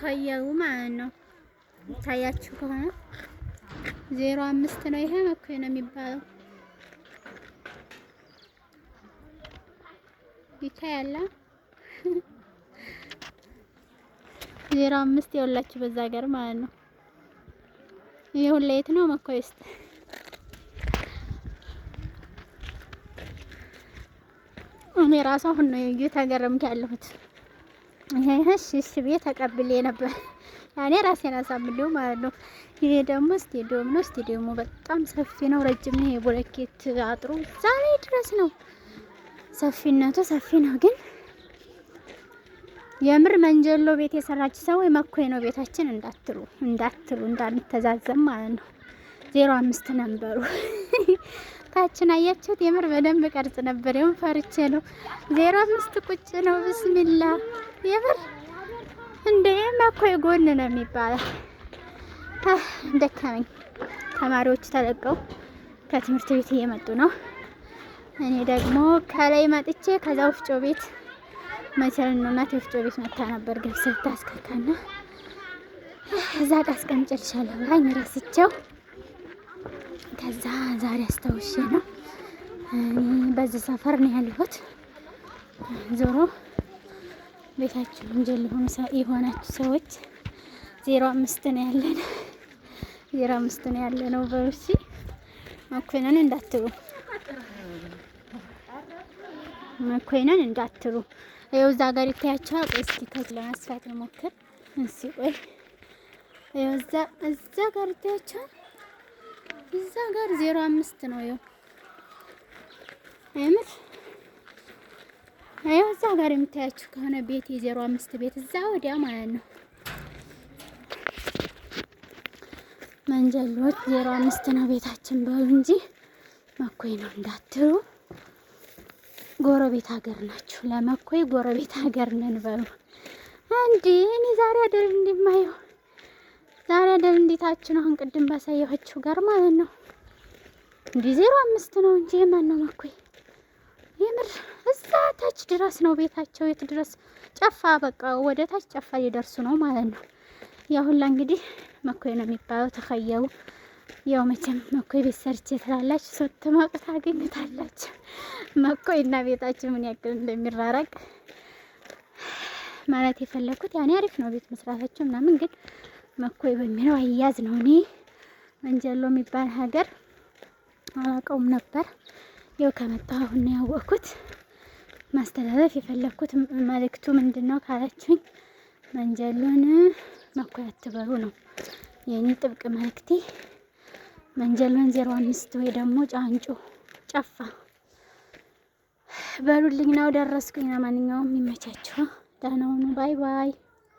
ተኸየሩ ማለት ነው። ይታያችሁ ከሆነ ዜሮ አምስት ነው። ይሄ መኩይ ነው የሚባለው። ይታያላ ዜሮ አምስት የውላችሁ በዛ ሀገር ማለት ነው። ይሁን ሁላ ነው መኩይ ውስጥ እኔ ራሷ ሁን ነው እየተገረምኩ ያለሁት። እሺ እሺ ብዬ ተቀብሌ ነበር። ያኔ ራሴን አሳምሌው ማለት ነው። ይሄ ደግሞ ስቴዲየም ነው። ስቴዲየሙ በጣም ሰፊ ነው፣ ረጅም ነው። የብሎኬት አጥሩ ዛሬ ድረስ ነው። ሰፊነቱ ሰፊ ነው፣ ግን የምር መንጀሎ ቤት የሰራች ሰው መኮይ ነው ቤታችን እንዳትሉ እንዳትሉ እንዳንተዛዘም ማለት ነው። ዜሮ አምስት ነበሩ። ታችን አያችሁት? የምር በደንብ ቀርጽ ነበር። ይሁን ፈርቼ ነው። ዜሮ አምስት ቁጭ ነው። ብስሚላ የምር እንደ መኮይ ጎን ነው የሚባለው። ደከመኝ። ተማሪዎች ተለቀው ከትምህርት ቤት እየመጡ ነው። እኔ ደግሞ ከላይ መጥቼ ከዛ ወፍጮ ቤት መቸል ነው ወፍጮ ቤት መታ ነበር ገብስ ስታስከካና እዛ ጋ አስቀምጨልሻለሁ ብላኝ ረስቸው ከዛ ዛሬ አስታውሼ ነው በዚህ ሰፈር ነው ያለሁት። ዞሮ ቤታችሁ ወንጀል የሆናችሁ ሰዎች ዜሮ አምስት ነው ያለን፣ ዜሮ አምስት ነው ያለ ነው በሩሲ መኮንን እንዳትሉ፣ መኮንን እንዳትሉ። ይኸው እዛ ጋር ይታያቸዋል። ቆይ እስኪ ከዚህ ለማስፋት እንሲ። እንስቆይ ይኸው እዛ እዛ ጋር ይታያቸዋል። እዛ ጋር ዜሮ አምስት ነው። ይኸው አይምር ይኸው እዛ ጋር የምታያችሁ ከሆነ ቤት የዜሮ አምስት ቤት እዛ ወዲያ ማለት ነው። መንጀሎች ዜሮ አምስት ነው ቤታችን በሉ እንጂ መኮይ ነው እንዳትሉ። ጎረቤት ሀገር ናችሁ። ለመኮይ ጎረቤት ሀገር ነን በሉ እንዴ። እኔ ዛሬ አይደል ዛሬ እንዴታችን አሁን ቅድም ባሳየኋችሁ ጋር ማለት ነው እንዲ ዜሮ አምስት ነው እንጂ የማን ነው መኩይ የምር እዛ ታች ድረስ ነው ቤታቸው የት ድረስ ጨፋ በቃ ወደ ታች ጨፋ ሊደርሱ ነው ማለት ነው። ያ ሁላ እንግዲህ መኩይ ነው የሚባለው። ተኸየው ያው መቼም መኩይ ቤት ሰርቼ ትላላችሁ ስትመጡ ታገኙታላችሁ። መኩይ እና ቤታችን ምን ያክል እንደሚራረቅ ማለት የፈለኩት ያኔ አሪፍ ነው ቤት መስራታቸው ምናምን ግን መኮይ በሚለው አያዝ ነው። እኔ መንጀሎ የሚባል ሀገር አላውቀውም ነበር። ይኸው ከመጣው አሁን ያወቅኩት። ማስተላለፍ የፈለግኩት መልእክቱ ምንድን ነው ካላችሁኝ፣ መንጀሎን መኮይ አትበሉ ነው የእኔ ጥብቅ መልእክቴ። መንጀሎን ዜሮ አምስት ወይ ደግሞ ጫንጮ ጨፋ በሉልኝ ነው። ደረስኩኝ። ለማንኛውም ይመቻችሁ። ደህና ሁኑ። ባይ ባይ።